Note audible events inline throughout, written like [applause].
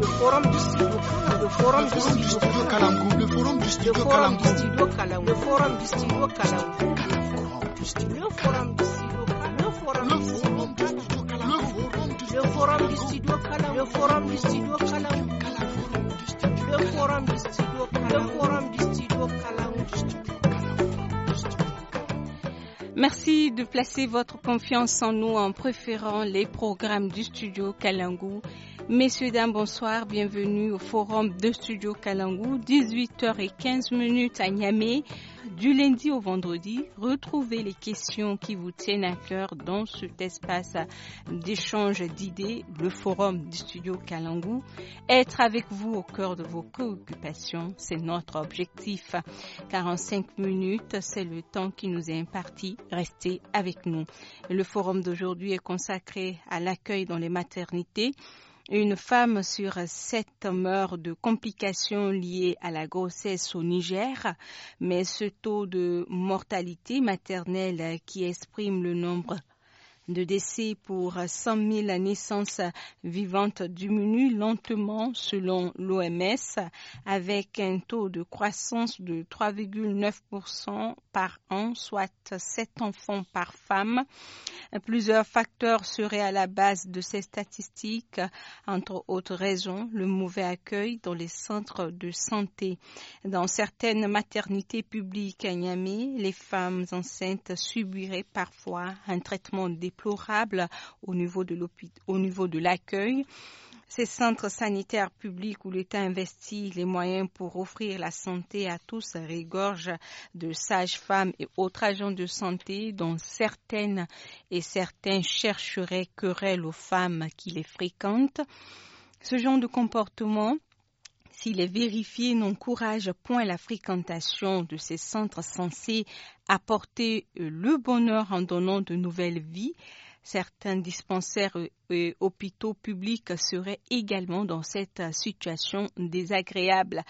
le forum du studio le forum du studio Kalangou le forum du studio Kalangou le forum du studio Kalangou le forum du studio le forum du studio Kalamkou le forum du studio Kalangou le forum du studio Kalamkou le forum du studio Kalamkou Merci de placer votre confiance en nous en préférant les programmes du studio Kalangu Messieurs, dames, bonsoir. Bienvenue au forum de Studio Kalangou, 18h15 à Niamey. Du lundi au vendredi, retrouvez les questions qui vous tiennent à cœur dans cet espace d'échange d'idées, le forum du studio Kalangou. Être avec vous au cœur de vos préoccupations, c'est notre objectif. 45 minutes, c'est le temps qui nous est imparti. Restez avec nous. Le forum d'aujourd'hui est consacré à l'accueil dans les maternités. Une femme sur sept meurt de complications liées à la grossesse au Niger, mais ce taux de mortalité maternelle qui exprime le nombre de décès pour 100 000 naissances vivantes diminuent lentement selon l'OMS avec un taux de croissance de 3,9% par an, soit 7 enfants par femme. Plusieurs facteurs seraient à la base de ces statistiques, entre autres raisons le mauvais accueil dans les centres de santé. Dans certaines maternités publiques à Niamey, les femmes enceintes subiraient parfois un traitement dépressif déplorable au niveau de l'accueil. Ces centres sanitaires publics où l'État investit les moyens pour offrir la santé à tous regorgent de sages-femmes et autres agents de santé dont certaines et certains chercheraient querelle aux femmes qui les fréquentent. Ce genre de comportement si les vérifiés n'encouragent point la fréquentation de ces centres censés apporter euh, le bonheur en donnant de nouvelles vies, certains dispensaires euh, et hôpitaux publics seraient également dans cette situation désagréable.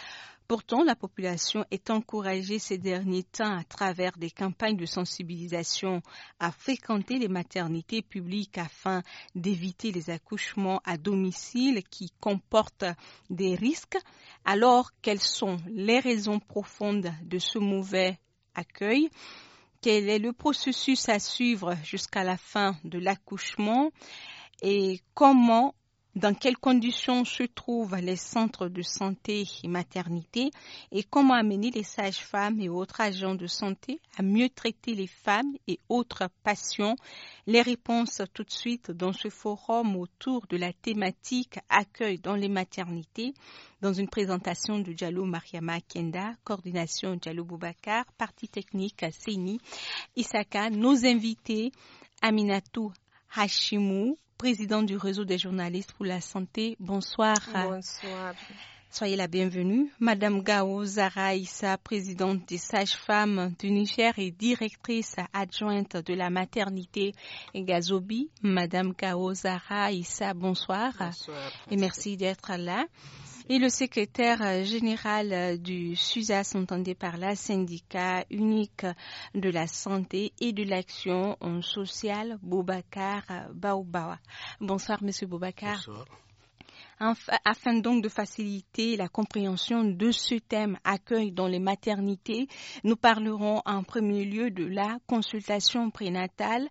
Pourtant, la population est encouragée ces derniers temps à travers des campagnes de sensibilisation à fréquenter les maternités publiques afin d'éviter les accouchements à domicile qui comportent des risques. Alors, quelles sont les raisons profondes de ce mauvais accueil? Quel est le processus à suivre jusqu'à la fin de l'accouchement? et comment dans quelles conditions se trouvent les centres de santé et maternité et comment amener les sages-femmes et autres agents de santé à mieux traiter les femmes et autres patients. Les réponses tout de suite dans ce forum autour de la thématique accueil dans les maternités dans une présentation de Diallo Mariama Kenda, coordination Diallo Boubacar, partie technique Seni Isaka, nos invités Aminatou Hashimou, président du réseau des journalistes pour la santé. Bonsoir. Bonsoir. Soyez la bienvenue. Madame Gao Zara Issa, présidente des sages-femmes du Niger et directrice adjointe de la maternité Gazobi. Madame Gao Zara Issa, bonsoir. bonsoir. Et merci d'être là. Et le secrétaire euh, général euh, du SUSA s'entendait par la syndicat unique de la santé et de l'action sociale, Boubacar euh, Baobawa. Bonsoir, monsieur Boubacar. Bonsoir. Afin donc de faciliter la compréhension de ce thème accueil dans les maternités, nous parlerons en premier lieu de la consultation prénatale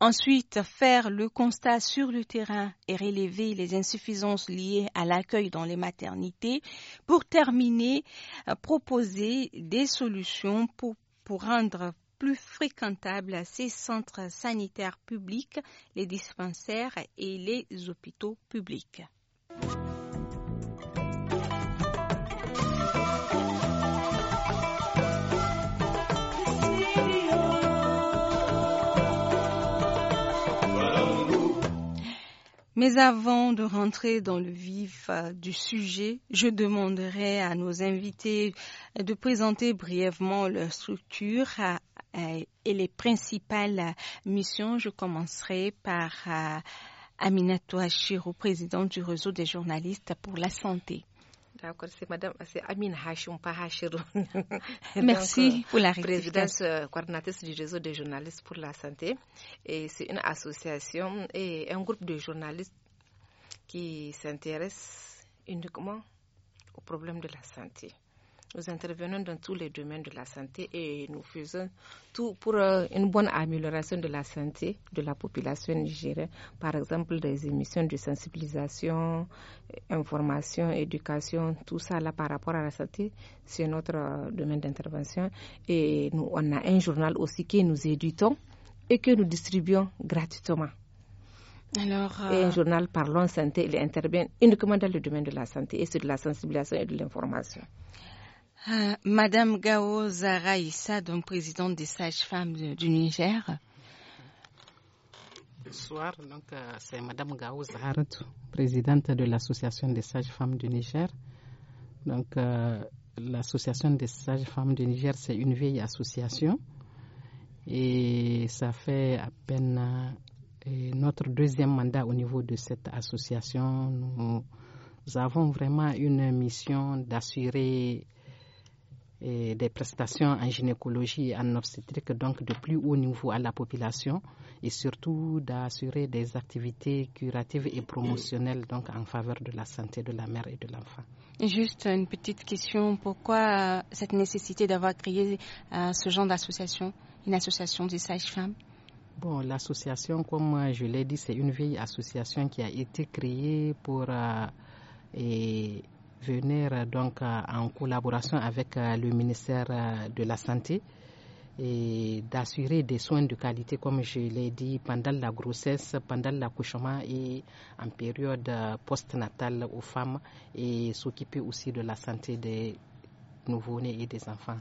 Ensuite, faire le constat sur le terrain et relever les insuffisances liées à l'accueil dans les maternités. Pour terminer, euh, proposer des solutions pour, pour rendre plus fréquentables ces centres sanitaires publics, les dispensaires et les hôpitaux publics. Mais avant de rentrer dans le vif euh, du sujet, je demanderai à nos invités de présenter brièvement leur structure euh, euh, et les principales missions. Je commencerai par Aminato Ashiro, président du réseau des journalistes pour la santé. D'accord, c'est Madame, c'est Amine Hachoum Pahachirou. [laughs] Merci euh, pour la présidence euh, coordinatrice du réseau des journalistes pour la santé. Et c'est une association et un groupe de journalistes qui s'intéressent uniquement aux problèmes de la santé. Nous intervenons dans tous les domaines de la santé et nous faisons tout pour euh, une bonne amélioration de la santé de la population nigérienne. Par exemple, des émissions de sensibilisation, information, éducation, tout ça là par rapport à la santé, c'est notre euh, domaine d'intervention. Et nous, on a un journal aussi que nous éditons et que nous distribuons gratuitement. Alors, euh, Et un journal parlant Santé, il intervient uniquement dans le domaine de la santé et c'est de la sensibilisation et de l'information. Ah, Madame Gao Zaraïssa, donc présidente des sages-femmes du Niger. Bonsoir, donc euh, c'est Madame Gao Zaraïssa, présidente de l'association des sages-femmes du Niger. Donc euh, l'association des sages-femmes du Niger, c'est une vieille association et ça fait à peine euh, notre deuxième mandat au niveau de cette association. nous avons vraiment une mission d'assurer des prestations en gynécologie et en obstétrique, donc de plus haut niveau à la population, et surtout d'assurer des activités curatives et promotionnelles donc en faveur de la santé de la mère et de l'enfant. Juste une petite question, pourquoi cette nécessité d'avoir créé euh, ce genre d'association, une association des sages-femmes Bon, l'association, comme je l'ai dit, c'est une vieille association qui a été créée pour... Euh, et venir euh, donc euh, en collaboration avec euh, le ministère de la Santé et d'assurer des soins de qualité, comme je l'ai dit, pendant la grossesse, pendant l'accouchement et en période postnatale aux femmes et s'occuper aussi de la santé des nouveau-nés et des enfants.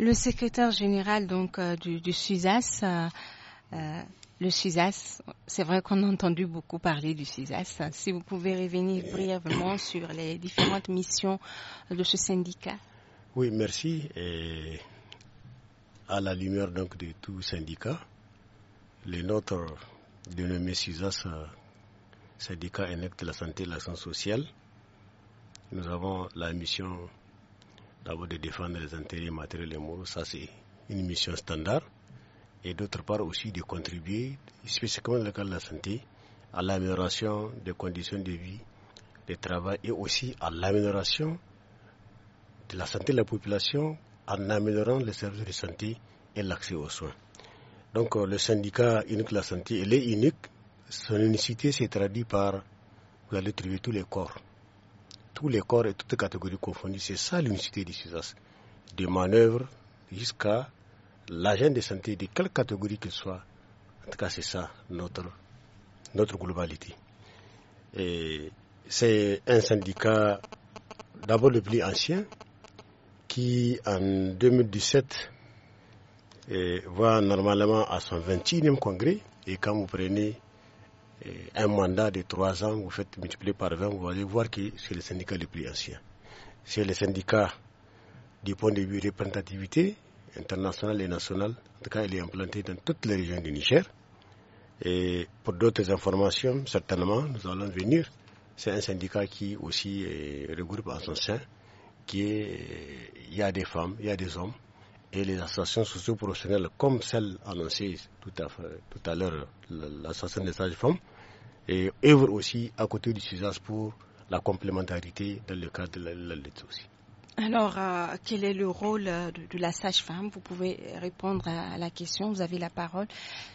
Le secrétaire général donc du, du SUSAS le CISAS, c'est vrai qu'on a entendu beaucoup parler du CISAS. Si vous pouvez revenir brièvement sur les différentes missions de ce syndicat. Oui, merci. à la lumière donc de tout syndicat, le nôtre dénommé CISAS, euh, syndicat inacte de la santé et de l'action sociale, nous avons la mission d'abord de défendre les intérêts matériels et moraux. Ça, c'est une mission standard et d'autre part aussi de contribuer, spécifiquement dans le cas de la santé, à l'amélioration des conditions de vie, de travail et aussi à l'amélioration de la santé de la population en améliorant les services de santé et l'accès aux soins. Donc euh, le syndicat unique de la santé, il est unique. Son unicité s'est traduite par, vous allez trouver tous les corps. Tous les corps et toutes les catégories confondues, c'est ça l'unicité du CISAS De manœuvres jusqu'à l'agent de santé de quelle catégorie qu'il soit, en tout cas c'est ça notre, notre globalité. Et c'est un syndicat d'abord le plus ancien qui en 2017 eh, va normalement à son 21e congrès et quand vous prenez eh, un mandat de trois ans, vous faites multiplier par 20, vous allez voir que c'est le syndicat le plus ancien. C'est le syndicat du point de vue représentativité, international et national. En tout cas, il est implanté dans toutes les régions du Niger. Et pour d'autres informations, certainement, nous allons venir. C'est un syndicat qui aussi regroupe en son sein, qui il y a des femmes, il y a des hommes, et les associations socio-professionnelles, comme celle annoncée tout à, l'heure, l'association des sages-femmes, et œuvre aussi à côté du CISAS pour la complémentarité dans le cadre de la, lutte aussi. Alors, euh, quel est le rôle euh, de, la sage-femme Vous pouvez répondre à, la question. Vous avez la parole.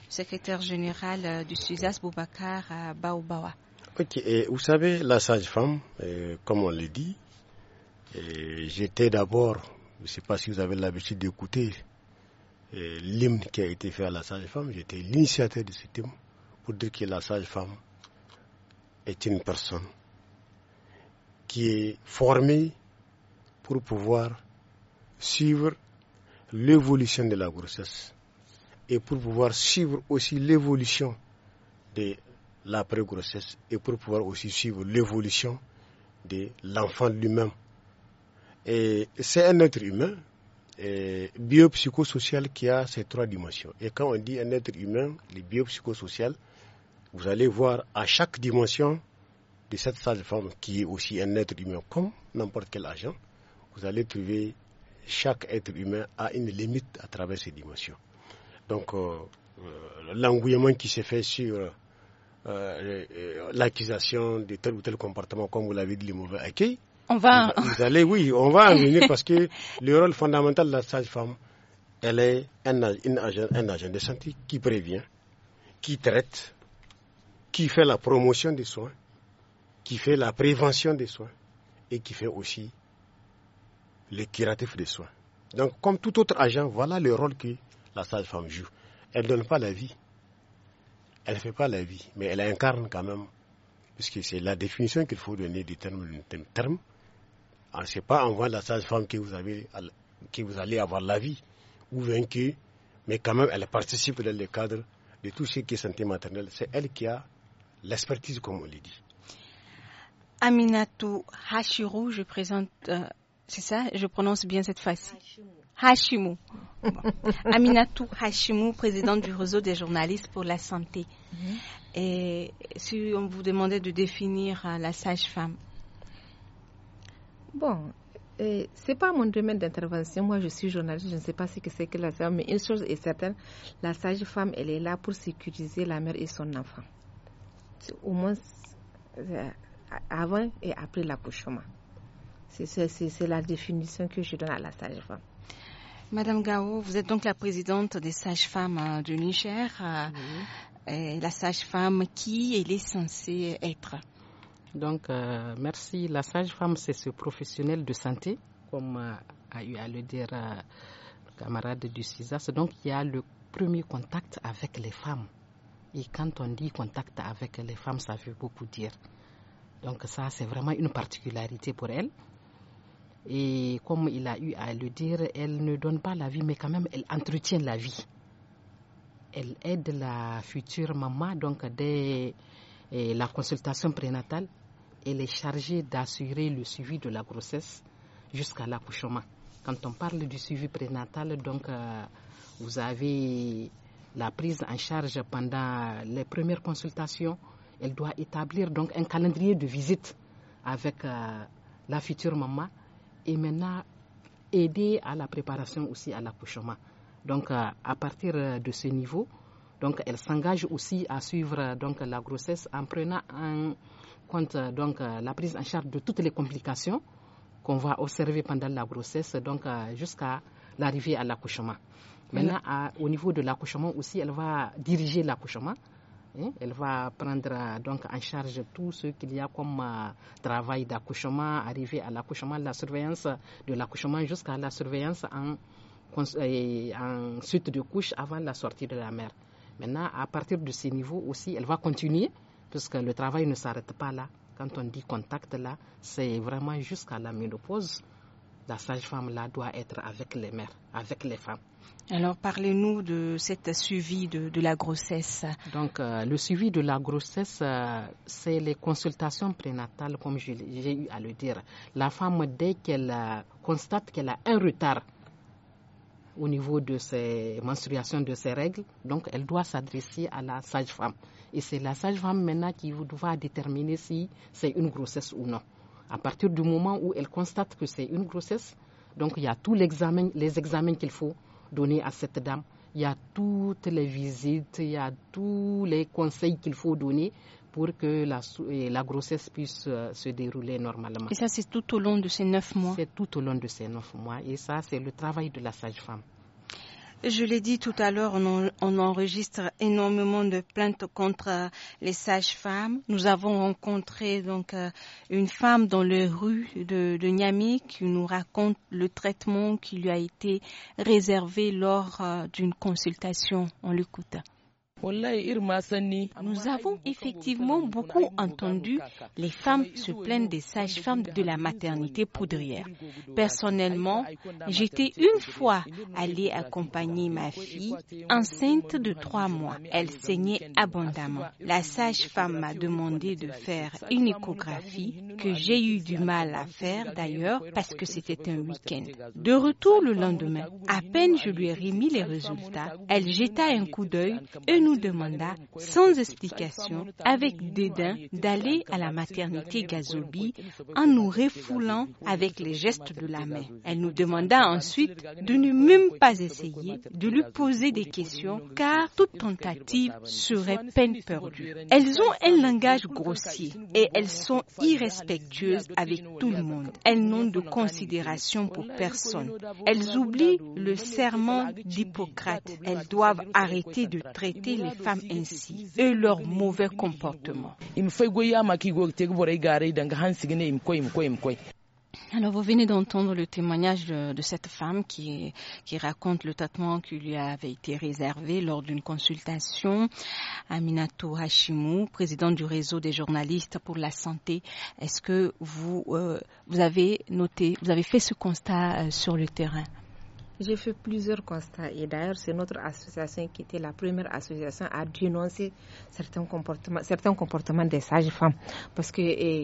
Secrétaire général euh, du SUSAS, Boubacar Baobawa. Ok, vous savez, la sage-femme, comme on le dit, j'étais d'abord, je ne sais pas si vous avez l'habitude d'écouter l'hymne qui a été fait à la sage-femme, j'étais l'initiateur de ce thème pour dire que la sage-femme est une personne qui est formée pour pouvoir suivre l'évolution de la grossesse et pour pouvoir suivre aussi l'évolution de la pré grossesse et pour pouvoir aussi suivre l'évolution de l'enfant lui-même. Et c'est un être humain biopsychosocial qui a ces trois dimensions. Et quand on dit un être humain, le biopsychosocial, vous allez voir à chaque dimension de cette sage-femme qui est aussi un être humain comme n'importe quel agent vous allez trouver chaque être humain a une limite à travers ses dimensions. Donc, euh, euh, l'engouillement qui se fait sur euh, euh, l'accusation de tel ou tel comportement, comme vous l'avez dit, les mauvais accueils, on va... Vous, allez, oui, on va en venir parce que [laughs] le rôle fondamental de la sage-femme, elle est un agent de santé qui prévient, qui traite, qui fait la promotion des soins, qui fait la prévention des soins et qui fait aussi les curatif des soins. Donc, comme tout autre agent, voilà le rôle que la sage-femme joue. Elle ne donne pas la vie. Elle ne fait pas la vie, mais elle incarne quand même, puisque c'est la définition qu'il faut donner du terme, terme. sait ce n'est pas en voyant la sage-femme que vous, avez, qui vous allez avoir la vie ou vaincu, mais quand même, elle participe dans le cadre de tout ce qui est santé maternelle. C'est elle qui a l'expertise, comme on le dit. Aminatou Hashirou, je présente euh, c'est ça, je prononce bien cette fois-ci. Hashimou. Aminatou Hashimou, présidente du réseau des journalistes pour la santé. Mm -hmm. Et si on vous demandait de définir euh, la sage-femme Bon, ce c'est pas mon domaine d'intervention. Moi, je suis journaliste, je ne sais pas ce que c'est que la sage-femme, mais une chose est certaine la sage-femme, elle est là pour sécuriser la mère et son enfant. Au moins euh, avant et après l'accouchement. C'est la définition que je donne à la sage-femme. Madame Gao, vous êtes donc la présidente des sages-femmes euh, du Niger, euh, la sage-femme qui elle est censée être. Donc, euh, merci. La sage-femme, c'est ce professionnel de santé, comme a eu à le dire le camarade du CISAS. Donc, il y a le premier contact avec les femmes. Et quand on dit contact avec les femmes, ça veut beaucoup dire. Donc, ça, c'est vraiment une particularité pour elle. Et comme il a eu à le dire, elle ne donne pas la vie, mais quand même, elle entretient la vie. Elle aide la future maman, donc dès eh, la consultation prénatale, elle est chargée d'assurer le suivi de la grossesse jusqu'à l'accouchement. Quand on parle du suivi prénatal, donc euh, vous avez la prise en charge pendant les premières consultations. Elle doit établir donc un calendrier de visite avec euh, la future maman et maintenant aider à la préparation aussi à l'accouchement. Donc euh, à partir euh, de ce niveau, donc elle s'engage aussi à suivre donc la grossesse en prenant en compte euh, donc la prise en charge de toutes les complications qu'on va observer pendant la grossesse donc jusqu'à l'arrivée à l'accouchement. Maintenant au niveau de l'accouchement aussi, elle va diriger l'accouchement Hein, elle va prendre euh, donc en charge tout ce qu'il y a comme euh, travail d'accouchement, arriver à l'accouchement, la surveillance de l'accouchement jusqu'à la surveillance en, euh, en suite de couche avant la sortie de la mère. Maintenant, à partir de ce niveaux aussi, elle va continuer, puisque le travail ne s'arrête pas là. Quand on dit contact là, c'est vraiment jusqu'à la ménopause. La sage-femme là doit être avec les mères, avec les femmes. Alors parlez-nous de cet suivi de, la grossesse. Donc euh, le suivi de la grossesse, euh, c'est les consultations prénatales, comme j'ai eu à le dire. La femme, dès qu'elle euh, constate qu'elle a un retard au niveau de ses menstruations, de ses règles, donc elle doit s'adresser à la sage-femme. Et c'est la sage-femme maintenant qui va déterminer si c'est une grossesse ou non. À partir du moment où elle constate que c'est une grossesse, donc il y a tous les examens qu'il faut donner à cette dame. Il y a toutes les visites, il y a tous les conseils qu'il faut donner pour que la, la grossesse puisse euh, se dérouler normalement. Et ça, c'est tout au long de ces neuf mois C'est tout au long de ces neuf mois. Et ça, c'est le travail de la sage-femme. Je l'ai dit tout à l'heure, on, enregistre énormément de plaintes contre les sages-femmes. Nous avons rencontré donc euh, une femme dans les rues de, de qui nous raconte le traitement qui lui a été réservé lors euh, d'une consultation. On l'écoute. Nous avons effectivement beaucoup entendu les femmes se plaindre des sages-femmes de la maternité poudrière. Personnellement, j'étais une fois allée accompagner ma fille enceinte de trois mois. Elle saignait abondamment. La sage-femme m'a demandé de faire une échographie que j'ai eu du mal à faire d'ailleurs parce que c'était un week-end. De retour le lendemain, à peine je lui ai remis les résultats, elle jeta un coup d'œil et nous nous demanda, sans explication, avec dédain, d'aller à la maternité Gazobi en nous refoulant avec les gestes de la main. Elle nous demanda ensuite de ne même pas essayer de lui poser des questions car toute tentative serait peine perdue. Elles ont un langage grossier et elles sont irrespectueuses avec tout le monde. Elles n'ont de considération pour personne. Elles oublient le serment d'Hippocrate. Elles doivent arrêter de traiter les femmes ainsi et leur mauvais comportement. Alors, vous venez d'entendre le témoignage de, cette femme qui, raconte le traitement qui lui avait été réservé lors d'une consultation. à Minato Hashimu, président du réseau des journalistes pour la santé, est-ce que vous, euh, vous avez noté, vous avez fait ce constat euh, sur le terrain j'ai fait plusieurs constats et d'ailleurs c'est notre association qui était la première association à dénoncer certains comportements, certains comportements des sages-femmes parce que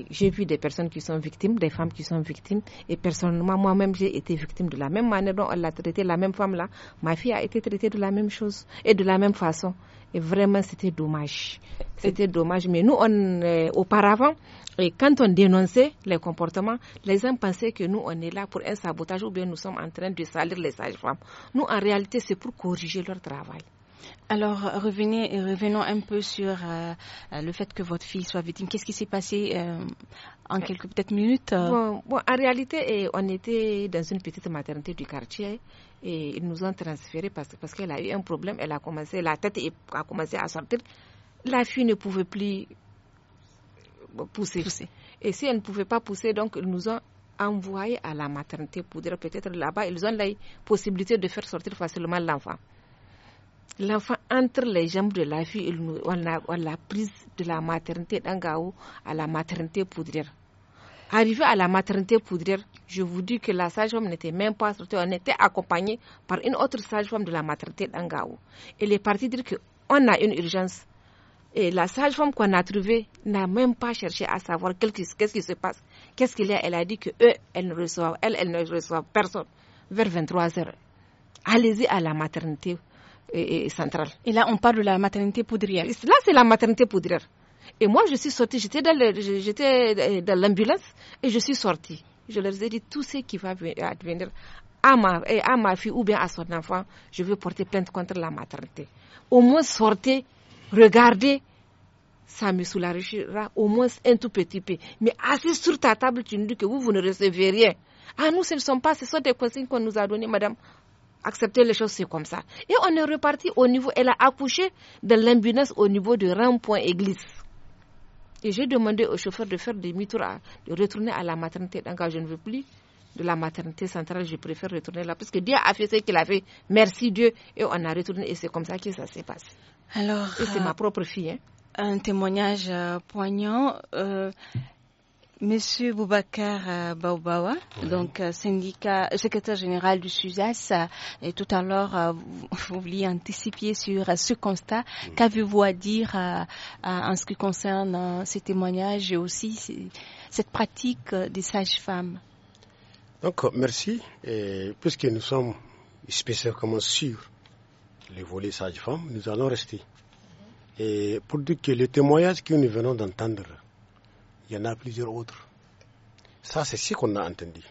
j'ai vu des personnes qui sont victimes, des femmes qui sont victimes et personnellement moi-même j'ai été victime de la même manière dont elle a traité la même femme là. Ma fille a été traitée de la même chose et de la même façon. Et vraiment, c'était dommage. C'était dommage. Mais nous, euh, auparavant, quand on dénonçait les comportements, les gens pensaient que nous, on est là pour un sabotage ou bien nous sommes en train de salir les sages-femmes. Nous, en réalité, c'est pour corriger leur travail. Alors, revenons un peu sur euh, euh, le fait que votre fille soit victime. Qu'est-ce qui s'est passé euh, en quelques peut minutes En réalité, on était dans une petite maternité du quartier et ils nous ont transférés parce, parce qu'elle a eu un problème. Elle a commencé, la tête a commencé à sortir. La fille ne pouvait plus pousser. pousser. Et si elle ne pouvait pas pousser, donc ils nous ont envoyés à la maternité pour dire peut-être là-bas, ils ont la possibilité de faire sortir facilement l'enfant l'enfant entre les jambes de la fille, on l'a prise de la maternité d'Angaou à la maternité poudrière. Arrivé à la maternité poudrière, je vous dis que la sage-femme n'était même pas sortie, on était accompagné par une autre sage-femme de la maternité d'Angaou. Elle est partie dire qu'on a une urgence. Et la sage-femme qu'on a trouvée n'a même pas cherché à savoir qu'est-ce qui se passe. Qu'est-ce qu'il y a Elle a dit que ne reçoit ne personne. Vers 23 h allez-y à la maternité et, centrale. Et là, on parle de la maternité poudrière. Là, c'est la maternité poudrière. Et moi, je suis sortie, j'étais dans l'ambulance et je suis sortie. Je leur ai dit tout ce qui va advenir à ma, fille ou bien à son enfant, je veux porter plainte contre la maternité. Au moins, sortez, regardez, ça me soulagera au moins un tout petit peu. Mais assis sur ta table, tu nous dis que vous, vous ne recevez rien. Ah, nous, ce ne sont pas, ce sont des consignes qu'on nous a données, madame accepter les choses, c'est comme ça. Et on est reparti au niveau, elle a accouché de l'ambulance au niveau de Rampoint point église. Et j'ai demandé au chauffeur de faire des tour de retourner à la maternité Encore, Je ne veux plus de la maternité centrale, je préfère retourner là, parce que Dieu a fait ce qu'il avait fait. Merci Dieu. Et on a retourné, et c'est comme ça que ça s'est passé. Alors, et c'est euh, ma propre fille. Hein. Un témoignage euh, poignant. Euh, Monsieur Boubacar euh, Baubawa donc euh, syndicat, euh, secrétaire général du SUSAS, et tout à l'heure, [laughs] vous vouliez anticiper sur ce constat. Qu'avez-vous à dire en ce qui concerne ces témoignages et aussi cette pratique des sages-femmes Donc, merci. Et puisque nous sommes spécialement sur les volets sages-femmes, nous allons rester. Et pour dire que les témoignages que nous venons d'entendre, il y en a plusieurs autres. Ça, c'est ce qu'on a entendu.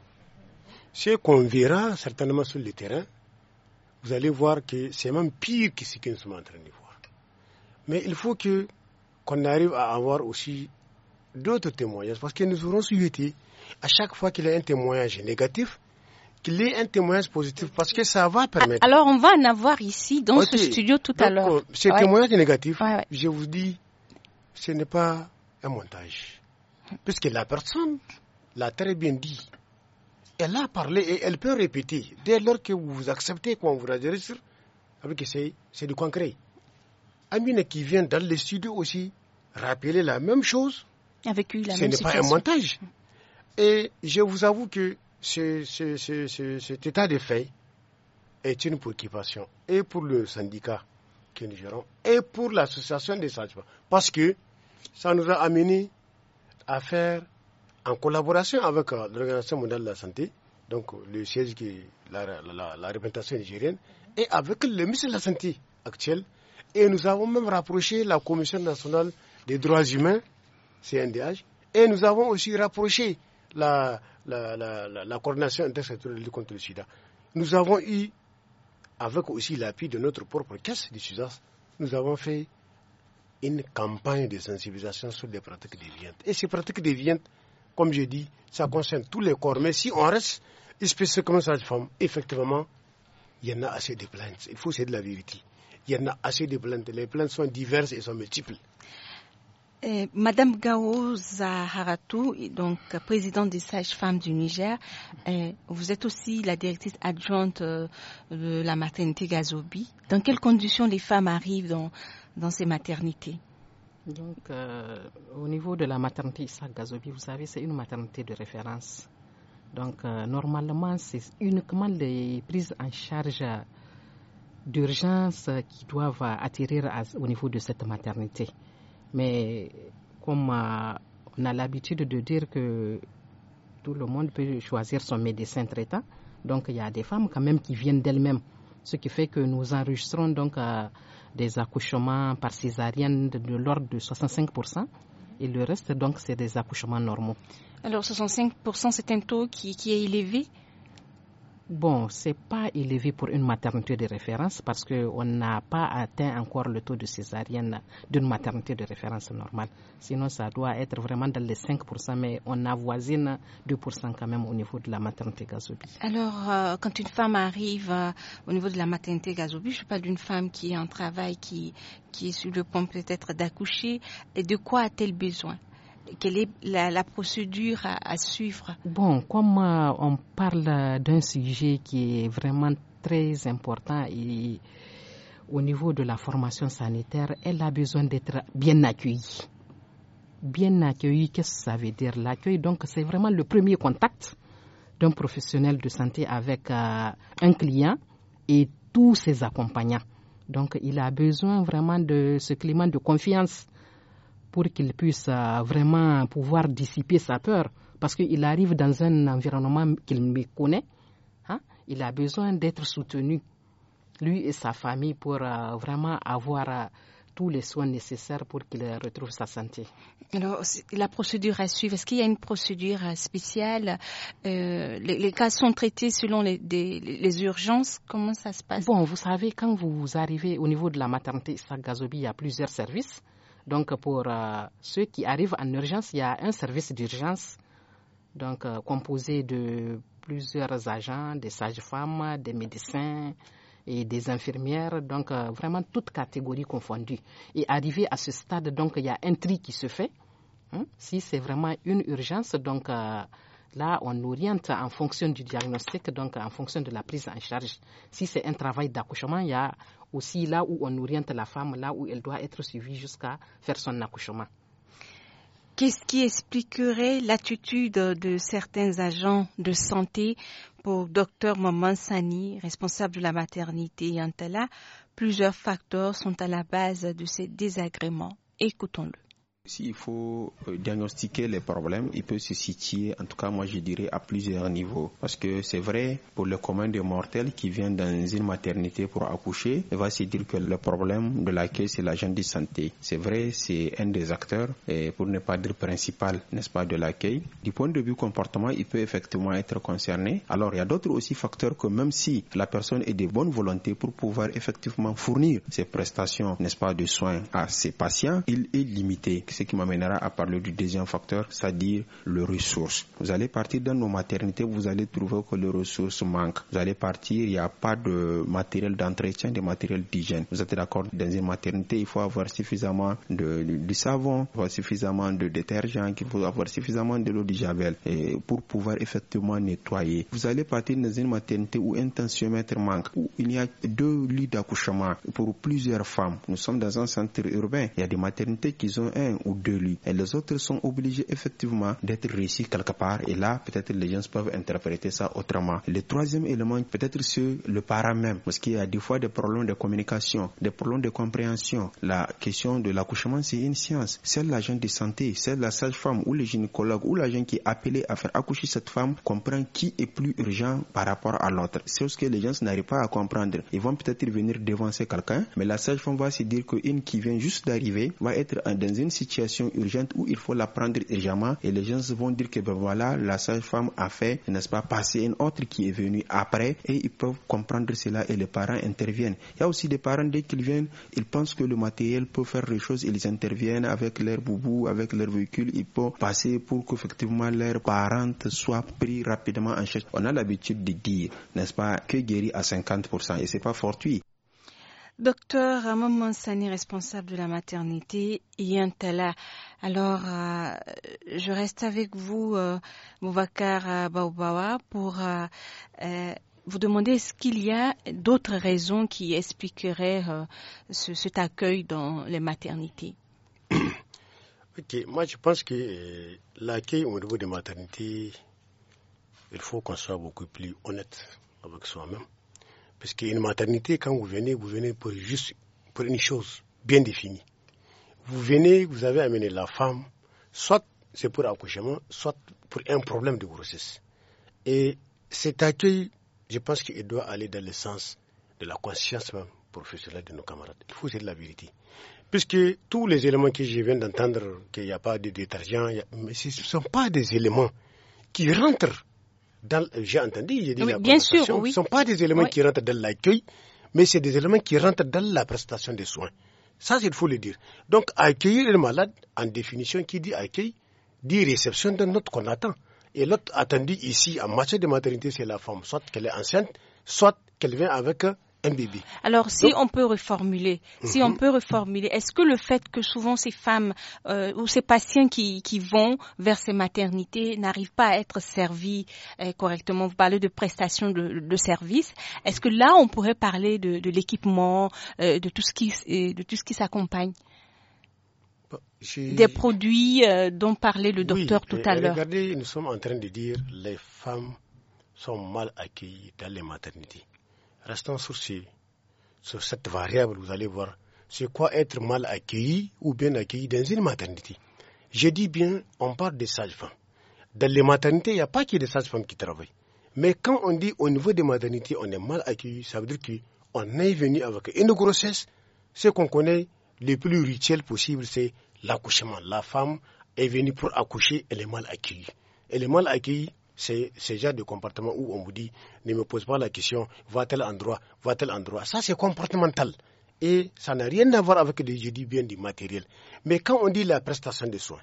Ce qu'on verra certainement sur le terrain, vous allez voir que c'est même pire que ce que nous sommes en train de voir. Mais il faut que qu'on arrive à avoir aussi d'autres témoignages, parce que nous aurons souhaité, à chaque fois qu'il y a un témoignage négatif, qu'il y ait un témoignage positif, parce que ça va ah, permettre. Alors, on va en avoir ici, dans ce studio, tout à l'heure. Euh, ces témoignage négatif, je vous dis, ce n'est pas un montage. Puisque la personne l'a très bien dit. Elle a parlé et elle peut répéter. Dès lors que vous acceptez qu'on vous ah que c'est du concret. Amine qui vient dans le studio aussi rappeler la même chose. Ce n'est pas un montage. Et je vous avoue que cet état de fait est une préoccupation et pour le syndicat que nous gérons et pour l'association des sages Parce que ça nous a amené à faire en collaboration avec euh, l'Organisation mondiale de la santé, donc le siège qui la, la, représentation nigérienne, et avec le ministre de la Santé actuel. Et nous avons même rapproché la Commission nationale des droits humains, CNDH, et nous avons aussi rapproché la, coordination intersectorielle contre le sida. Nous avons eu, avec aussi l'appui de notre propre caisse de SUSAS, nous avons fait une campagne de sensibilisation sur les pratiques déviantes. Et ces pratiques déviantes, comme je dis, ça concerne tous les corps. Mais si on reste spécifiquement sur les femmes, effectivement, il y en a assez de plaintes. Il faut c'est de la vérité. Il y en a assez de plaintes. Les plaintes sont diverses et sont multiples. Euh, Madame Gao Zaharatou, donc présidente des sages-femmes du Niger, euh, vous êtes aussi la directrice adjointe euh, de la maternité Gazobi. Dans quelles conditions les femmes arrivent dans, dans ces maternités. Donc, euh, au niveau de la maternité Issa Gazobi, vous savez, c'est une maternité de référence. Donc, euh, normalement, c'est uniquement les prises en charge d'urgence qui doivent attirer au niveau de cette maternité. Mais comme euh, on a l'habitude de dire que tout le monde peut choisir son médecin traitant, donc il y a des femmes quand même qui viennent d'elles-mêmes. Ce qui fait que nous enregistrons donc des accouchements par césarienne de, l'ordre de 65%. Et le reste, donc, c'est des accouchements normaux. Alors, 65%, c'est un taux qui est élevé Bon, c'est pas élevé pour une maternité de référence parce qu'on n'a pas atteint encore le taux de césarienne d'une maternité de référence normale. Sinon, ça doit être vraiment dans les 5%, mais on avoisine 2% quand même au niveau de la maternité Gazobi. Alors, euh, quand une femme arrive euh, au niveau de la maternité Gazobi, je parle d'une femme qui est en travail, qui, qui est sur le point peut-être d'accoucher, et de quoi a-t-elle besoin quelle est la, procédure à, suivre Bon, comme euh, on parle d'un sujet qui est vraiment très important et au niveau de la formation sanitaire, elle a besoin d'être bien accueillie. Bien accueillie, qu'est-ce que ça veut dire L'accueil, donc, c'est vraiment le premier contact d'un professionnel de santé avec euh, un client et tous ses accompagnants. Donc, il a besoin vraiment de ce climat de confiance pour qu'il puisse euh, vraiment pouvoir dissiper sa peur. Parce qu'il arrive dans un environnement qu'il méconnaît. connaît. Hein, il a besoin d'être soutenu, lui et sa famille, pour euh, vraiment avoir euh, tous les soins nécessaires pour qu'il retrouve sa santé. Alors, la procédure à suivre, est-ce qu'il y a une procédure spéciale les, cas sont traités selon les, urgences. Comment ça se passe Bon, vous savez, quand vous arrivez au niveau de la maternité il y a plusieurs services. Donc pour euh, ceux qui arrivent en urgence, il y a un service d'urgence donc euh, composé de plusieurs agents, des sages-femmes, des médecins et des infirmières, donc euh, vraiment toutes catégories confondues. Et arrivé à ce stade, donc il y a un tri qui se fait. Hein. Si c'est vraiment une urgence, donc là, on oriente en fonction du diagnostic, donc en fonction de la prise en charge. Si c'est un travail d'accouchement, il y a, aussi là où on oriente la femme, là où elle doit être suivie jusqu'à faire son accouchement. Qu'est-ce qui expliquerait l'attitude de certains agents de santé pour Dr Maman Sani, responsable de la maternité Yantala Plusieurs facteurs sont à la base de ces désagréments. Écoutons-le. S'il faut euh, diagnostiquer les problèmes, il peut se situer, en tout cas moi je dirais, à plusieurs niveaux. Parce que c'est vrai, pour le commun des mortels qui vient dans une maternité pour accoucher, il va se dire que le problème de l'accueil, c'est l'agent de santé. C'est vrai, c'est un des acteurs, et pour ne pas dire principal, n'est-ce pas, de l'accueil. Du point de vue comportement, il peut effectivement être concerné. Alors il y a d'autres aussi facteurs que même si la personne est de bonne volonté pour pouvoir effectivement fournir ses prestations, n'est-ce pas, de soins à ses patients, il est limité ce qui m'amènera à parler du deuxième facteur, c'est-à-dire les ressources. Vous allez partir dans nos maternités, vous allez trouver que les ressources manquent. Vous allez partir, il n'y a pas de matériel d'entretien, de matériel d'hygiène. Vous êtes d'accord, dans une maternité, il faut avoir suffisamment de, savon, il faut suffisamment de détergent, il faut avoir suffisamment de l'eau de javel et pour pouvoir effectivement nettoyer. Vous allez partir dans une maternité où un tensiomètre manque, où il y a deux lits d'accouchement pour plusieurs femmes. Nous sommes dans un centre urbain. Il y a des maternités qui ont un ou deux Et les autres sont obligés effectivement d'être réussis quelque part. Et là, peut-être les gens peuvent interpréter ça autrement. Le troisième élément, peut-être sur le paramètre. même, parce qu'il y a des fois des problèmes de communication, des problèmes de compréhension. La question de l'accouchement, c'est une science. C'est l'agent de santé, c'est la sage-femme ou le gynécologue ou l'agent qui est appelé à faire accoucher cette femme comprend qui est plus urgent par rapport à l'autre. C'est ce que les gens n'arrivent pas à comprendre. Ils vont peut-être venir devancer quelqu'un, mais la sage-femme va se dire qu'une qui vient juste d'arriver va être dans une situation situation urgente où il faut la prendre légèrement et les gens vont dire que ben voilà, la sage-femme a fait, n'est-ce pas, passer une autre qui est venue après et ils peuvent comprendre cela et les parents interviennent. Il y a aussi des parents, dès qu'ils viennent, ils pensent que le matériel peut faire les choses, ils interviennent avec leur boubou, avec leur véhicule, ils peuvent passer pour qu'effectivement leurs parents soit pris rapidement en charge. On a l'habitude de dire, n'est-ce pas, que guérit à 50% et c'est pas fortuit. Docteur Maman Mansani, responsable de la maternité, Yantala. Alors, euh, je reste avec vous, Mouvakar euh, euh, Baobawa, pour vous demander est-ce qu'il y a d'autres raisons qui expliqueraient cet accueil dans les maternités [coughs] Ok, moi je pense que l'accueil au niveau des maternités, il faut qu'on soit beaucoup plus honnête avec soi-même parce qu'une maternité, quand vous venez, vous venez pour juste pour une chose bien définie. Vous venez, vous avez amené la femme, soit c'est pour accouchement, soit pour un problème de grossesse. Et cet accueil, je pense qu'il doit aller dans le sens de la conscience professionnelle de nos camarades. Il faut dire la vérité. Puisque tous les éléments que je viens d'entendre, qu'il n'y a pas de détergent, mais ce ne sont pas des éléments qui rentrent j'ai entendu, il a bien sûr, ce ne sont pas des éléments qui rentrent dans l'accueil, mais c'est des éléments qui rentrent dans la prestation des soins. Ça, il faut le dire. Donc, accueillir le malade, en définition, qui dit accueil, dit réception d'un autre qu'on attend. Et l'autre attendu ici, en matière de maternité, c'est la femme, soit qu'elle est enceinte, soit qu'elle vient avec alors, si on peut reformuler, si on mhm. peut reformuler, est-ce que le fait que souvent ces femmes euh, ou ces patients qui, vont vers ces maternités n'arrivent pas à être servis euh, correctement, vous parlez de prestations de, services, est-ce que là, on pourrait parler de, l'équipement, euh, de tout ce qui, de tout ce qui s'accompagne des produits dont parlait le docteur tout à l'heure. Regardez, nous sommes en train de dire les femmes sont mal accueillies dans les maternités. Restons sur, cette variable, vous allez voir, c'est quoi être mal accueilli ou bien accueilli dans une maternité. Je dis bien, on parle des sages-femmes. Dans les maternités, il n'y a pas que des sages-femmes qui travaillent. Mais quand on dit au niveau des maternités, on est mal accueilli, ça veut dire qu'on est venu avec une grossesse. Ce qu'on connaît le plus rituel possible, c'est l'accouchement. La femme est venue pour accoucher, elle est mal accueillie. Elle est mal accueillie c'est ce genre de comportement où on vous dit ne me pose pas la question, va à tel endroit, va à tel endroit. Ça, c'est comportemental. Et ça n'a rien à voir avec, je dis bien, du matériel. Mais quand on dit la prestation de soins,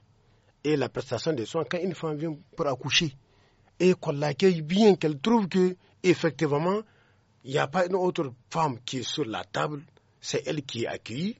et la prestation de soins, quand une femme vient pour accoucher, et qu'on l'accueille bien, qu'elle trouve que effectivement, il n'y a pas une autre femme qui est sur la table, c'est elle qui est accueillie.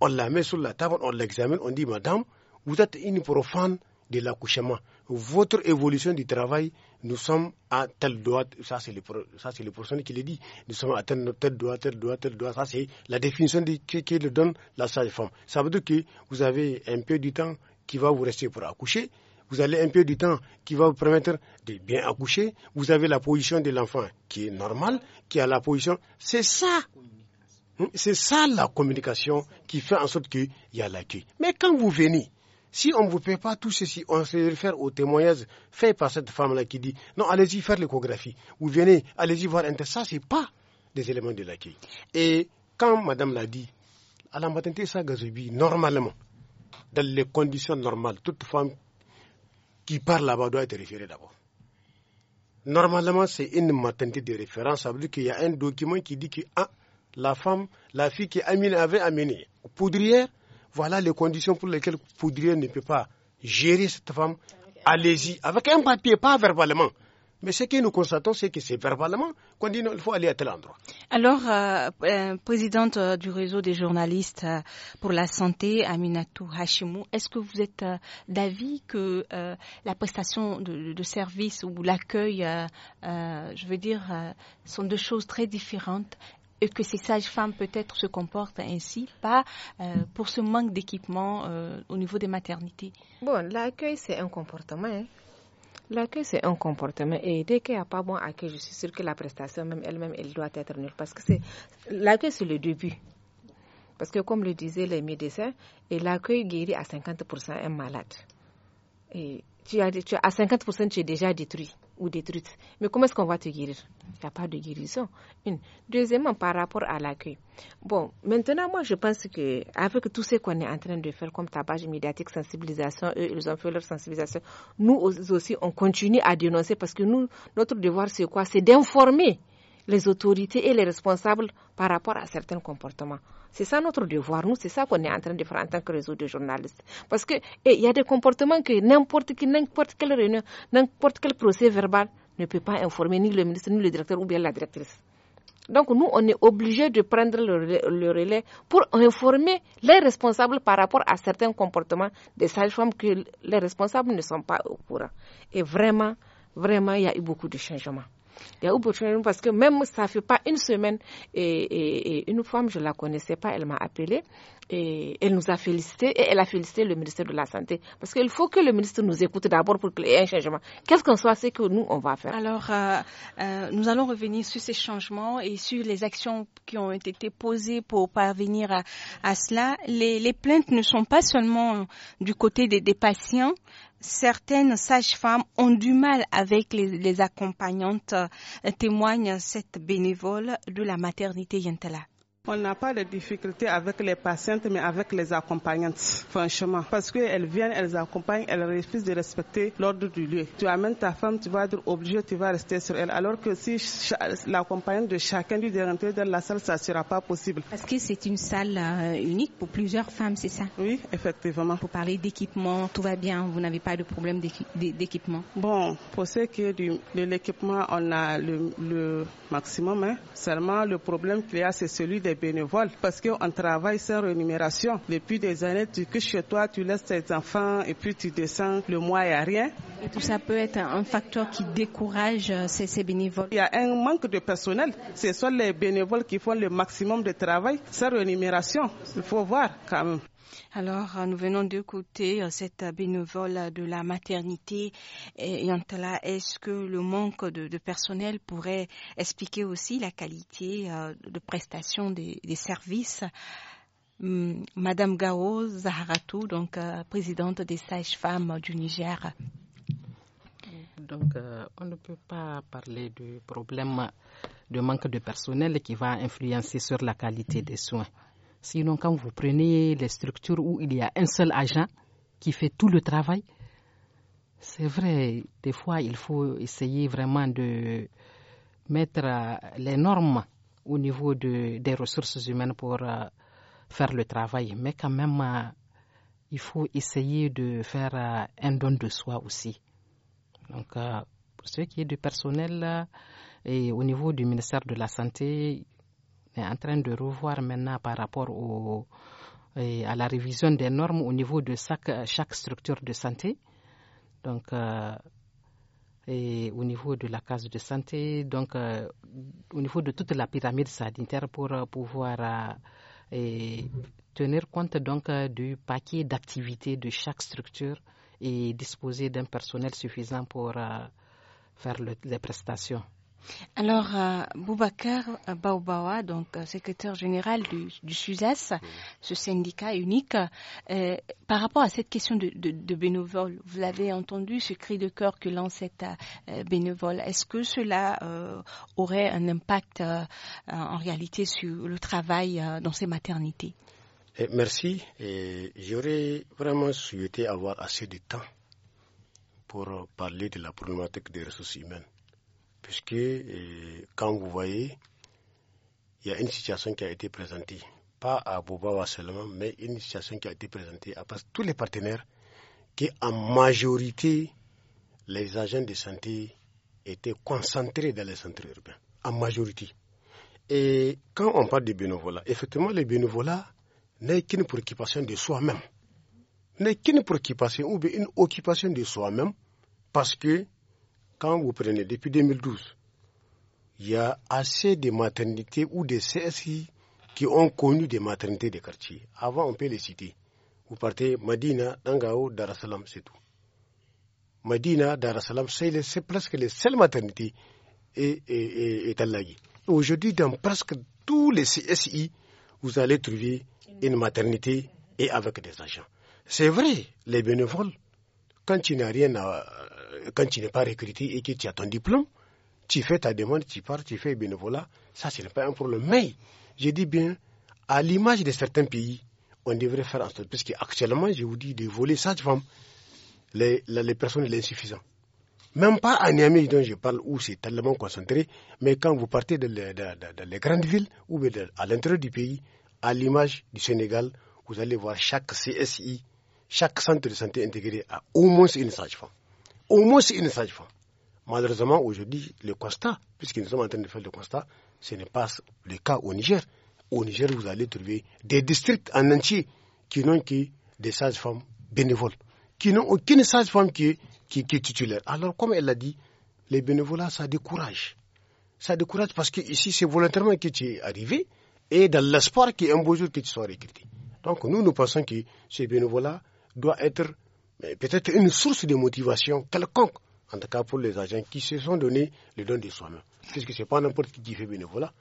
On la met sur la table, on l'examine, on dit, Madame, vous êtes une profane de l'accouchement votre évolution du travail, nous sommes à tel doigt. ça c'est le ça c'est personnes qui le dit, nous sommes à tel, doigt, tel doigt, tel doigt. ça c'est la définition de, qui le donne la sage-femme. Ça veut dire que vous avez un peu du temps qui va vous rester pour accoucher, vous avez un peu du temps qui va vous permettre de bien accoucher, vous avez la position de l'enfant qui est normale, qui a la position, c'est ça hmm? c'est ça la communication qui fait en sorte qu'il y a l'accueil. Mais quand vous venez, si on ne vous paie pas tout ceci, on se réfère au témoignage fait par cette femme-là qui dit Non, allez-y faire l'échographie. Vous venez, allez-y voir un test. Ça, ce n'est pas des éléments de l'accueil. Et quand madame l'a dit, à la maternité Saint-Gazoubi, normalement, dans les conditions normales, toute femme qui parle là-bas doit être référée d'abord. Normalement, c'est une maternité de référence. Ça veut dire qu'il y a un document qui dit que ah, la femme, la fille qui avait amené Poudrière voilà les conditions pour lesquelles Poudrier ne peut pas gérer cette femme. Allez-y, avec un papier, pas verbalement. Mais ce que nous constatons, c'est que c'est verbalement qu'on dit qu'il faut aller à tel endroit. Alors, euh, euh, présidente euh, du réseau des journalistes pour la santé, Aminatou Hashimou, est-ce que vous êtes d'avis que la prestation de, de services ou l'accueil, je veux dire, sont deux choses très différentes et que ces sages-femmes peut-être se comportent ainsi, pas euh, pour ce manque d'équipement euh, au niveau des maternités Bon, l'accueil, c'est un comportement. Hein. L'accueil, c'est un comportement. Et dès qu'il n'y a pas bon accueil, je suis sûre que la prestation même elle-même, elle doit être nulle. Parce que c'est l'accueil, c'est le début. Parce que comme le disaient les médecins, et l'accueil guérit à 50% un malade. Et tu as, tu à 50%, tu es déjà détruit ou détruite. Mais comment est-ce qu'on va te guérir Il n'y a pas de guérison. Deuxièmement, par rapport à l'accueil. Bon, maintenant, moi, je pense que avec tout ce qu'on est en train de faire comme tabage médiatique, sensibilisation, eux, ils ont fait leur sensibilisation. Nous aussi, on continue à dénoncer parce que nous, notre devoir, c'est quoi C'est d'informer les autorités et les responsables par rapport à certains comportements. C'est ça notre devoir. Nous, c'est ça qu'on est en train de faire en tant que réseau de journalistes. Parce qu'il eh, y a des comportements que n'importe qui, n'importe quelle réunion, n'importe quel procès verbal ne peut pas informer ni le ministre, ni le directeur ou bien la directrice. Donc nous, on est obligé de prendre le relais, le relais, pour informer les responsables par rapport à certains comportements des sages-femmes que les responsables ne sont pas au courant. Et vraiment, vraiment, il y a eu beaucoup de changements. Il y a parce que même ça fait pas une semaine, et, une femme, je ne la connaissais pas, elle m'a appelée et elle nous a félicité et elle a félicité le ministère de la Santé. Parce qu'il faut que le ministre nous écoute d'abord pour qu'il y ait un changement. Qu'est-ce qu'on soit c'est que nous, on va faire. Alors, euh, euh, nous allons revenir sur ces changements et sur les actions qui ont été posées pour parvenir à, à cela. Les, plaintes ne sont pas seulement du côté des patients, certaines sages-femmes ont du mal avec les, accompagnantes, euh, témoigne cette bénévole de la maternité Yentala. On n'a pas de difficultés avec les patientes, mais avec les accompagnantes, franchement. Parce qu'elles viennent, elles accompagnent, elles refusent de respecter l'ordre du lieu. Tu amènes ta femme, tu vas être obligé, tu vas rester sur elle. Alors que si l'accompagnante de chacun lui de rentrer dans la salle, ça ne sera pas possible. Parce que c'est une salle euh, unique pour plusieurs femmes, c'est ça Oui, effectivement. Pour parler d'équipement, tout va bien, vous n'avez pas de problème d'équipement Bon, pour ce qui est de l'équipement, on a le, maximum. Hein. Seulement, le problème qu'il y a, c'est celui des bénévoles parce qu'on travaille sans rémunération. Depuis des années, tu que chez toi, tu laisses tes enfants et puis tu descends le mois, et rien. Et tout ça peut être un facteur qui décourage euh, ces, ces bénévoles. Il y a un manque de personnel. Ce sont les bénévoles qui font le maximum de travail sans rémunération. Il faut voir quand même. Alors, euh, nous venons d'écouter euh, cette bénévole de la maternité. Yantala, est-ce que le manque de, personnel pourrait expliquer aussi la qualité euh, de prestation des, services hum, Madame Gao Zaharatou, donc présidente des sages-femmes du Niger. Donc, on ne peut pas parler du problème de manque de personnel qui va influencer sur la qualité des soins. Sinon, quand vous prenez les structures où il y a un seul agent qui fait tout le travail, c'est vrai, des fois, il faut essayer vraiment de mettre euh, les normes au niveau des ressources humaines pour euh, faire le travail. Mais quand même, euh, il faut essayer de faire un don de soi aussi. Donc, pour ce qui est du personnel, et au niveau du ministère de la Santé, est en train de revoir maintenant par rapport euh, à la révision des normes au niveau de chaque, chaque structure de santé. Donc, euh, et au niveau de la case de santé, donc euh, au niveau de toute la pyramide sanitaire pour pouvoir tenir compte donc du paquet d'activités de chaque structure et disposer d'un personnel suffisant pour faire les prestations. Alors, euh, Boubacar euh, Baoubawa, donc euh, secrétaire général du, du ce syndicat unique, par rapport à cette question de, bénévoles, vous l'avez entendu, ce cri de cœur que lance cet bénévole, est-ce que cela aurait un impact en réalité sur le travail dans ces maternités eh, Merci. J'aurais vraiment souhaité avoir assez de temps pour parler de la problématique des ressources humaines puisque euh, quand vous voyez, il y a une situation qui a été présentée, pas à Bobawa seulement, mais une situation qui a été présentée à tous les partenaires, qui en majorité, les agents de santé étaient concentrés dans les centres urbains, en majorité. Et quand on parle de bénévolat, effectivement, le bénévolat n'est qu'une préoccupation de soi-même. N'est qu'une préoccupation ou bien une occupation de soi-même parce que quand vous prenez depuis 2012, il y a assez de maternités ou de CSI qui ont connu des maternités de quartier. Avant, on peut les citer. Vous partez Madina, Dangao, Darassalam, c'est tout. Madina, Darassalam, c'est presque les seules maternités et, et, Aujourd'hui, dans presque tous les CSI, vous allez trouver une maternité et avec des agents. C'est vrai, les bénévoles, quand n'y a rien à, quand tu n'es pas recruté et que tu as ton diplôme, tu fais ta demande, tu pars, tu fais bénévolat. Ça, ce n'est pas un problème. Mais, je dis bien, à l'image de certains pays, on devrait faire en sorte, parce qu'actuellement, je vous dis, de voler sage femmes les, personnes, il est Même pas à Niamey, dont je parle, où c'est tellement concentré, mais quand vous partez dans les, grandes villes ou à l'intérieur du pays, à l'image du Sénégal, vous allez voir chaque CSI, chaque centre de santé intégré a au moins une sage-femme au moins une sage femme. Malheureusement, aujourd'hui, le constat, puisque nous sommes en train de faire le constat, ce n'est pas le cas au Niger. Au Niger, vous allez trouver des districts en entier qui n'ont que des sages-femmes bénévoles, qui n'ont aucune sage-femme qui, est titulaire. Alors, comme elle l'a dit, les bénévolats, ça décourage. Ça décourage parce que ici, c'est volontairement que tu es arrivé et dans l'espoir qu'un beau jour que tu sois recruté. Donc, nous, nous pensons que ces là doivent être mais peut-être une source de motivation quelconque, en tout cas pour les agents qui se sont donnés le don de soi-même. Puisque ce n'est pas n'importe qui qui fait bénévolat.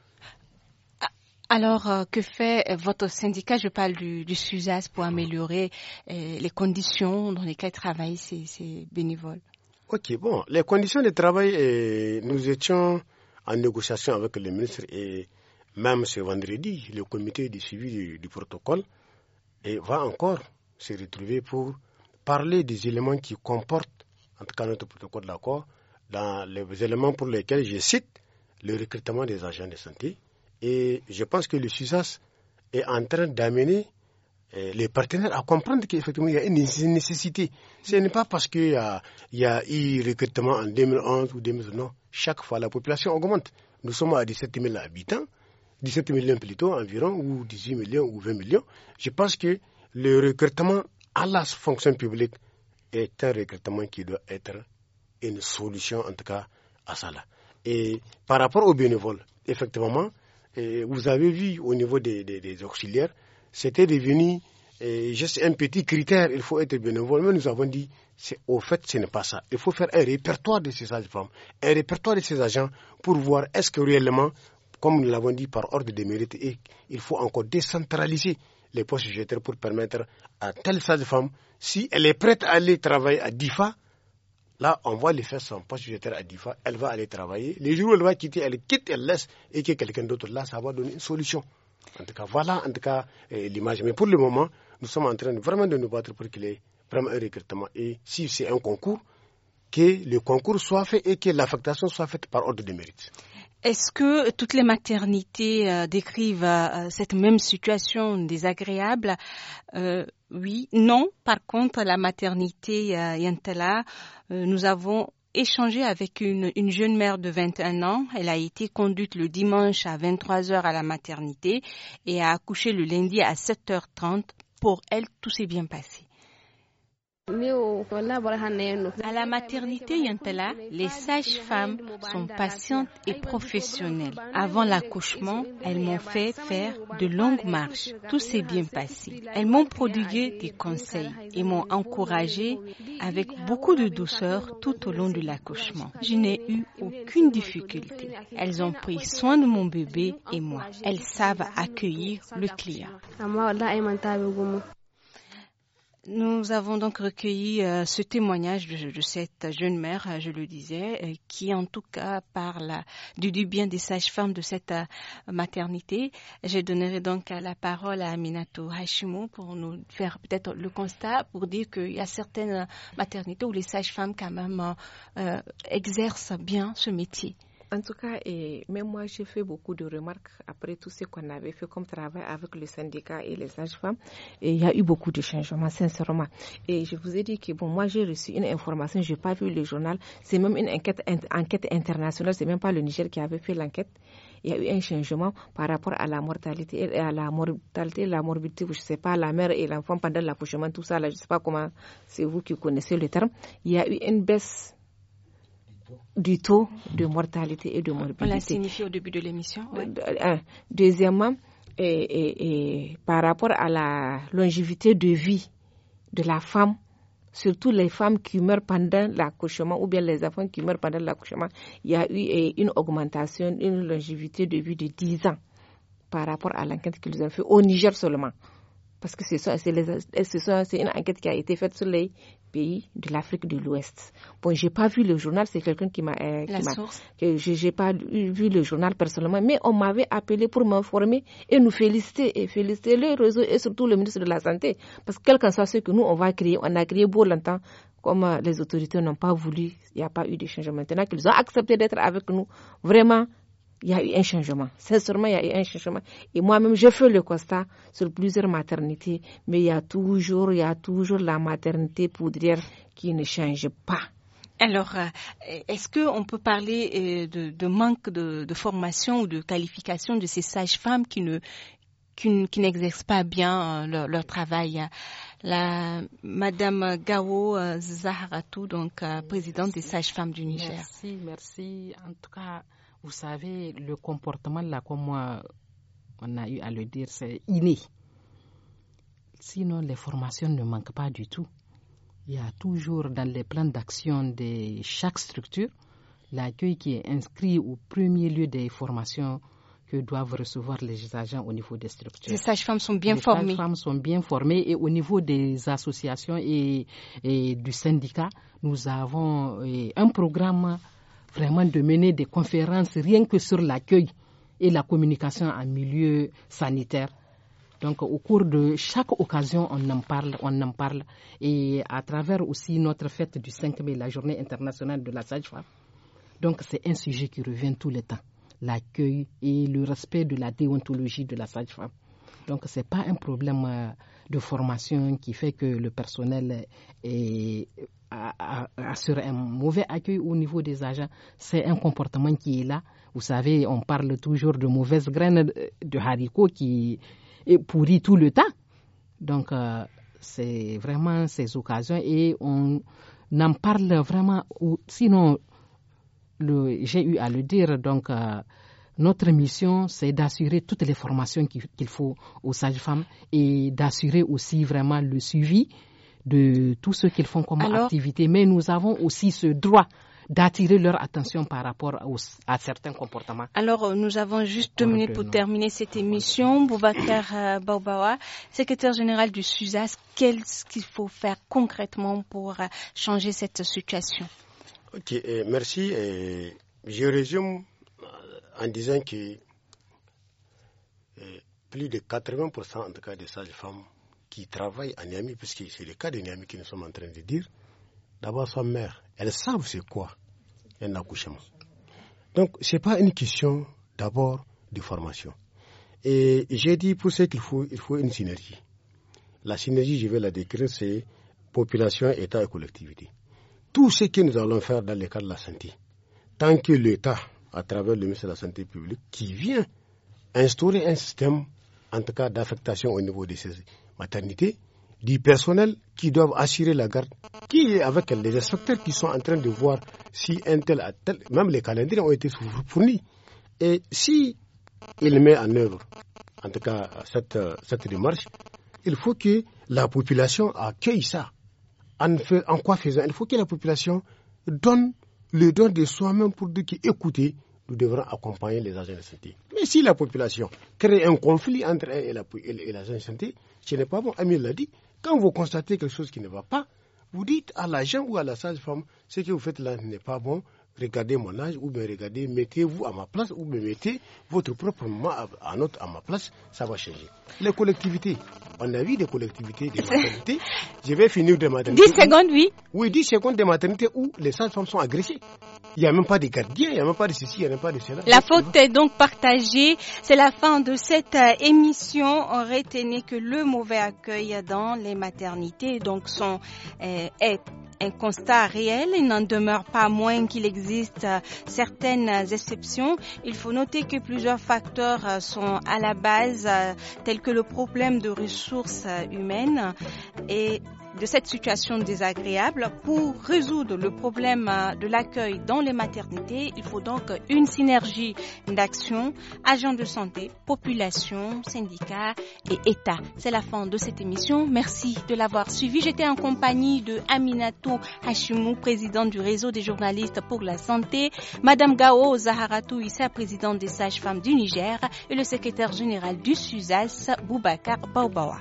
Ah, alors, euh, que fait votre syndicat Je parle du, SUAS SUSAS pour améliorer euh, les conditions dans lesquelles travaillent ces, bénévoles. Ok, bon, les conditions de travail, euh, nous étions en négociation avec le ministre et même ce vendredi, le comité de suivi du, du protocole et va encore se retrouver pour parler des éléments qui comportent, en tout cas notre protocole d'accord, dans les éléments pour lesquels je cite le recrutement des agents de santé. Et je pense que le SUSAS est en train d'amener eh, les partenaires à comprendre qu'effectivement il y a une nécessité. Ce n'est pas parce qu'il y, y, a eu recrutement en 2011 ou 2012, non. Chaque fois la population augmente. Nous sommes à 17 000 habitants, 17 millions plutôt environ, ou 18 millions ou 20 millions. Je pense que le recrutement à fonction publique est un recrutement qui doit être une solution, en tout cas, à cela. Et par rapport aux bénévoles, effectivement, vous avez vu au niveau des, auxiliaires, c'était devenu juste un petit critère, il faut être bénévole. Mais nous avons dit, au fait, ce n'est pas ça. Il faut faire un répertoire de ces agents, un répertoire de ces agents pour voir est-ce que réellement, comme nous l'avons dit par ordre de mérite, il faut encore décentraliser les postes jetaires pour permettre à telle sage-femme, si elle est prête à aller travailler à DIFA, là, on va lui faire son poste jetaire à DIFA, elle va aller travailler. Les jours où elle va quitter, elle quitte, elle laisse, et que quelqu'un d'autre, là, ça va donner une solution. En tout cas, voilà, en tout cas, euh, l'image. Mais pour le moment, nous sommes en train vraiment de nous battre pour qu'il prenne un recrutement. Et si c'est un concours, que le concours soit fait et que l'affectation soit faite par ordre de mérite. Est-ce que toutes les maternités euh, décrivent euh, cette même situation désagréable euh, Oui, non. Par contre, la maternité Yantala, nous avons échangé avec une, une, jeune mère de 21 ans. Elle a été conduite le dimanche à 23h à la maternité et a accouché le lundi à 7h30. Pour elle, tout s'est bien passé. À la maternité Yantala, les sages-femmes sont patientes et professionnelles. Avant l'accouchement, elles m'ont fait faire de longues marches. Tout s'est bien passé. Elles m'ont prodigué des conseils et m'ont encouragée avec beaucoup de douceur tout au long de l'accouchement. Je n'ai eu aucune difficulté. Elles ont pris soin de mon bébé et moi. Elles savent accueillir le client. Nous avons donc recueilli euh, ce témoignage de, cette jeune mère, euh, je le disais, euh, qui en tout cas parle du, bien des sages-femmes de cette maternité. Je donnerai donc la parole à Minato Hashimo pour nous faire peut-être le constat, pour dire qu'il y a certaines maternités où les sages-femmes quand même exercent bien ce métier. En tout cas, même moi, j'ai fait beaucoup de remarques après tout ce qu'on avait fait comme travail avec le syndicat et les sages-femmes. Et il y a eu beaucoup de changements, sincèrement. Et je vous ai dit que, bon, moi, j'ai reçu une information, je n'ai pas vu le journal. C'est même une enquête, enquête internationale, c'est même pas le Niger qui avait fait l'enquête il y a eu un changement par rapport à la mortalité euh, à la mortalité, la morbidité, je ne sais pas, la mère et l'enfant pendant l'accouchement, tout ça, Je ne sais pas comment, c'est vous qui connaissez le terme. Il y a eu une baisse du taux de mortalité et de morbidité. On l'a signifié au début de l'émission. Euh, euh, deuxièmement, et, par rapport à la longévité de vie de la femme, surtout les femmes qui meurent pendant l'accouchement ou bien les enfants qui meurent pendant l'accouchement, il y a eu une augmentation, une longévité de vie de 10 ans par rapport à l'enquête qu'ils ont fait au Niger seulement parce que eh, c'est une enquête qui a été faite sur les pays de l'Afrique de l'Ouest. Bon, j'ai pas vu le journal, c'est quelqu'un qui m'a. Euh, la source. J'ai pas vu le journal personnellement, mais on m'avait appelé pour m'informer et nous féliciter et féliciter le réseau et surtout le ministre de la Santé. Parce que quel qu'en soit ce que nous, on va créer, on a créé pour longtemps comme euh, les autorités n'ont pas voulu, il n'y a pas eu de changement. Maintenant qu'ils ont accepté d'être avec nous, vraiment, il y a eu un changement. Sincèrement, il y a eu un changement. Et moi-même, je fais le constat sur plusieurs maternités, mais il y a toujours, il y a toujours la maternité poudrière qui ne change pas. Alors, euh, est-ce qu'on peut parler euh, de, de manque de, de, formation ou de qualification de ces sages-femmes qui ne qui, n'exercent pas bien euh, leur, travail La Madame Gao Zaharatou, donc présidente des sages-femmes du Niger. Merci, merci. En tout cas, vous savez, le comportement là, comme moi, on a eu à le dire, c'est inné. Sinon, les formations ne manquent pas du tout. Il y a toujours dans les plans d'action de chaque structure l'accueil qui est inscrit au premier lieu des formations que doivent recevoir les agents au niveau des structures. Les sages-femmes sont bien formées. Les sages-femmes sont bien formées et au niveau des associations et du syndicat, nous avons euh, un programme vraiment de mener des conférences rien que sur l'accueil et la communication en milieu sanitaire. Donc au cours de chaque occasion, on en parle, on en parle. Et à travers aussi notre fête du 5 mai, la journée internationale de la sage-femme. Donc c'est un sujet qui revient tout le temps, l'accueil et le respect de la déontologie de la sage-femme. Donc ce n'est pas un problème euh, de formation qui fait que le personnel est assurer un mauvais accueil au niveau des agents. C'est un comportement qui est là. Vous savez, on parle toujours de mauvaises graines euh, de haricots qui pourrit tout le temps. Donc, euh, c'est vraiment ces occasions et on en parle vraiment. Sinon, j'ai eu à le dire, donc. Euh, notre mission, c'est d'assurer toutes les formations qu'il faut aux sages-femmes et d'assurer aussi vraiment le suivi de tout ce qu'ils font comme activité, mais nous avons aussi ce droit d'attirer leur attention par rapport à certains comportements. Alors, euh, nous avons juste deux minutes pour terminer cette émission. Boubacar euh, Baobawa, secrétaire général du SUSAS, qu'est-ce qu'il faut faire concrètement pour euh, changer cette situation Ok, merci. je résume en disant que plus de 80% en tout cas des sages-femmes qui travaillent à Niamey, puisque c'est le cas de Niamey que nous sommes en train de dire, d'abord sa mère, elle savent c'est quoi un accouchement. Donc, ce n'est pas une question d'abord de formation. Et j'ai dit pour ça, qu'il faut, il faut une synergie. La synergie, je vais la décrire, c'est population, État et collectivité. Tout ce que nous allons faire dans le cadre de la santé, tant que l'État, à travers le ministère de la Santé publique, qui vient instaurer un système, en tout cas, d'affectation au niveau de ces maternité, du personnel qui doivent assurer la garde, qui est avec elle, les inspecteurs qui sont en train de voir si un tel à tel, même les calendriers ont été fournis. Et si il met en œuvre, en tout cas, cette, cette démarche, il faut que la population accueille ça. En, fait, en quoi faisant Il faut que la population donne le don de soi-même pour dire que, écoutez, nous devrons accompagner les agents de santé. Mais si la population crée un conflit entre elle et l'agent la, de santé, ce n'est pas bon. Amir l'a dit, quand vous constatez quelque chose qui ne va pas, vous dites à l'agent ou à la sage-femme, ce que vous faites là n'est pas bon, regardez mon âge, ou bien regardez, mettez-vous à ma place, ou me mettez votre propre à, à ma place, ça va changer. Les collectivités, on a vu des collectivités, des [laughs] maternités. Je vais finir des maternités. 10 secondes, oui. Oui, 10 secondes de maternité où les femmes sont agressées. Il n'y a même pas de gardiens, il n'y a même pas de ceci, il n'y a même pas de cela. La faute est donc partagée. C'est la fin de cette euh, émission. On retenait que le mauvais accueil dans les maternités donc sont, euh, est un constat réel. Il n'en demeure pas moins qu'il existe euh, certaines exceptions. Il faut noter que plusieurs facteurs euh, sont à la base, euh, tels que le problème de ressources humaines et de cette situation désagréable. Pour résoudre le problème euh, de l'accueil dans les maternités, il faut donc une synergie d'action, agents de santé, population, syndicats et État. C'est la fin de cette émission. Merci de l'avoir suivi. J'étais en compagnie de Aminato Hashimou, président du réseau des journalistes pour la santé, Madame Gao Zaharatou Issa, présidente des sages-femmes du Niger, et le secrétaire général du SUSAS, Boubacar Baobawa.